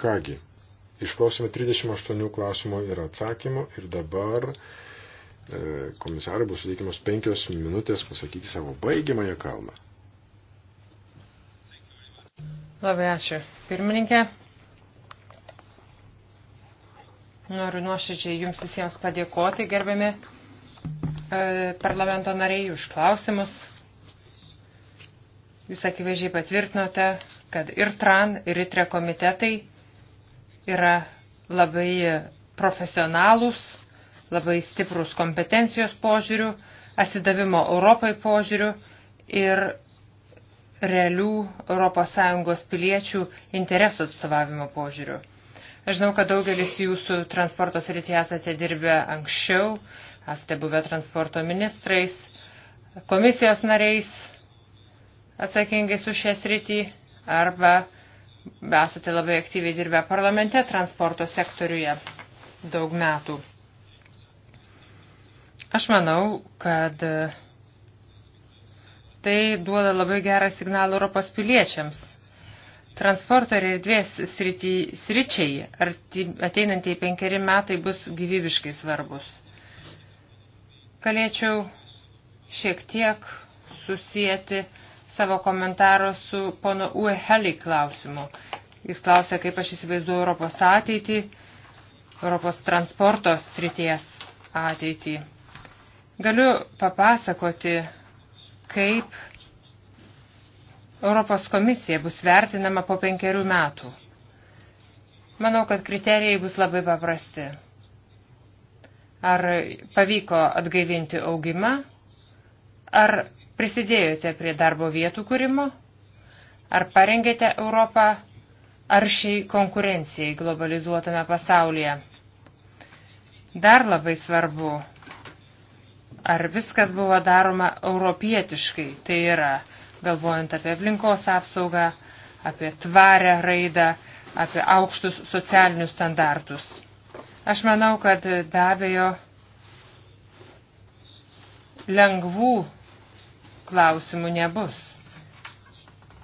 Kągi, išklausėme 38 klausimų ir atsakymų ir dabar e, komisarai bus suteikiamos penkios minutės pasakyti savo baigiamąją kalbą. Labai ačiū. Pirmininkė, noriu nuoširdžiai Jums visiems padėkoti, gerbiami e, parlamento nariai, už klausimus. Jūs akivaizdžiai patvirtinote, kad ir TRAN, ir ITRE komitetai yra labai profesionalūs, labai stiprus kompetencijos požiūrių, atsidavimo Europai požiūrių ir realių ES piliečių interesų atstovavimo požiūrių. Aš žinau, kad daugelis jūsų transporto srityje esate dirbę anksčiau, esate buvę transporto ministrais, komisijos nariais atsakingais už šią sritį arba esate labai aktyviai dirbę parlamente transporto sektoriuje daug metų. Aš manau, kad tai duoda labai gerą signalą Europos piliečiams. Transporto ir erdvės srity, sričiai ateinantieji penkeri metai bus gyvybiškai svarbus. Galėčiau šiek tiek susijęti uh, savo komentarą su pono Ueheli klausimu. Jis klausė, kaip aš įsivaizduoju Europos ateitį, Europos transporto srities ateitį. Galiu papasakoti, kaip Europos komisija bus vertinama po penkerių metų. Manau, kad kriterijai bus labai paprasti. Ar pavyko atgaivinti augimą, ar prisidėjote prie darbo vietų kūrimo? Ar parengėte Europą aršiai konkurencijai globalizuotame pasaulyje? Dar labai svarbu, ar viskas buvo daroma europietiškai, tai yra, galvojant apie aplinkos apsaugą, apie tvarę raidą, apie aukštus socialinius standartus. Aš manau, kad be abejo lengvų klausimų nebus.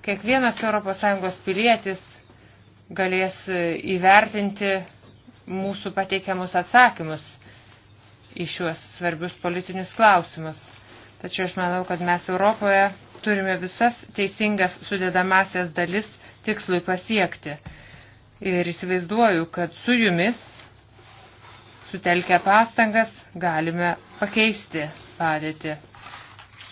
Kiekvienas ES pilietis galės įvertinti mūsų pateikiamus atsakymus į šiuos svarbius politinius klausimus. Tačiau aš manau, kad mes Europoje turime visas teisingas sudėdamasias dalis tikslui pasiekti. Ir įsivaizduoju, kad su jumis, sutelkę pastangas, galime pakeisti padėtį.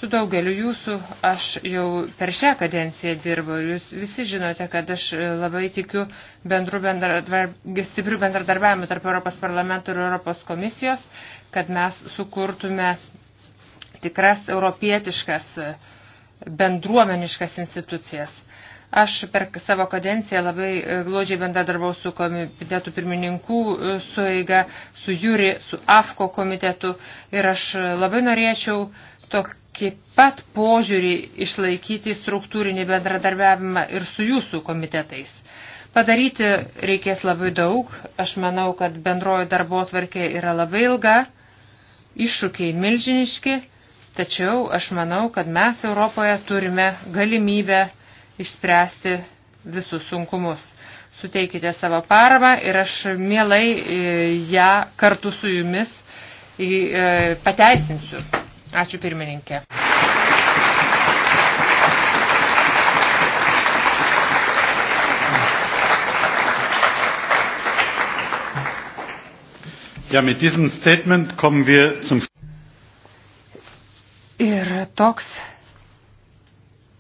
Su daugeliu jūsų aš jau per šią kadenciją dirbu ir jūs visi žinote, kad aš labai tikiu bendru bendradar... stipriu bendradarbiavimu tarp Europos parlamento ir Europos komisijos, kad mes sukurtume tikras europietiškas bendruomeniškas institucijas. Aš per savo kadenciją labai e, glaudžiai bendradarbiau su komitetų pirmininkų sueiga, su Jūri, su AFKO komitetu ir aš labai norėčiau tok, tokį pat požiūrį išlaikyti struktūrinį bendradarbiavimą ir su jūsų komitetais. Padaryti reikės labai daug. Aš manau, kad bendrojo darbo tvarkė yra labai ilga, iššūkiai milžiniški, tačiau aš manau, kad mes Europoje turime galimybę išspręsti visus sunkumus. Suteikite savo paramą ir aš mielai e, ją kartu su jumis e, pateisinsiu. Ačiū pirmininkė. Ja, mit diesem Statement kommen wir zum. Ir toks,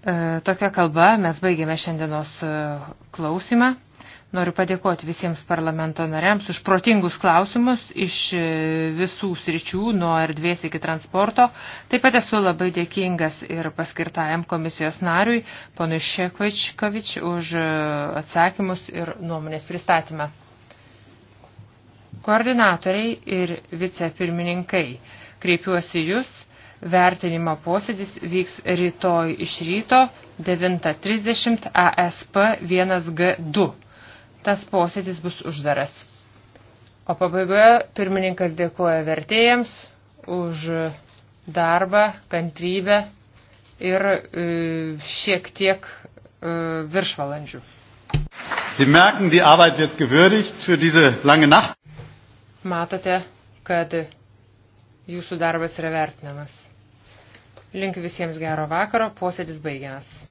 e, tokia kalba mes baigėme šiandienos e, klausimą. Noriu padėkoti visiems parlamento nariams už protingus klausimus iš e, visų sričių, nuo erdvės iki transporto. Taip pat esu labai dėkingas ir paskirtajam komisijos nariui, ponui Šekvičkovič, už e, atsakymus ir nuomonės pristatymą. Koordinatoriai ir vicepirmininkai, kreipiuosi jūs. Vertinimo posėdis vyks rytoj iš ryto 9.30 ASP 1G2 tas posėdis bus uždaras. O pabaigoje pirmininkas dėkoja vertėjams už darbą, kantrybę ir e, šiek tiek e, viršvalandžių. Sie merken, die Arbeit wird gewürdigt für diese lange Nacht. Matote, kad jūsų darbas yra vertinamas. Linkiu visiems gero vakaro, posėdis baigiamas.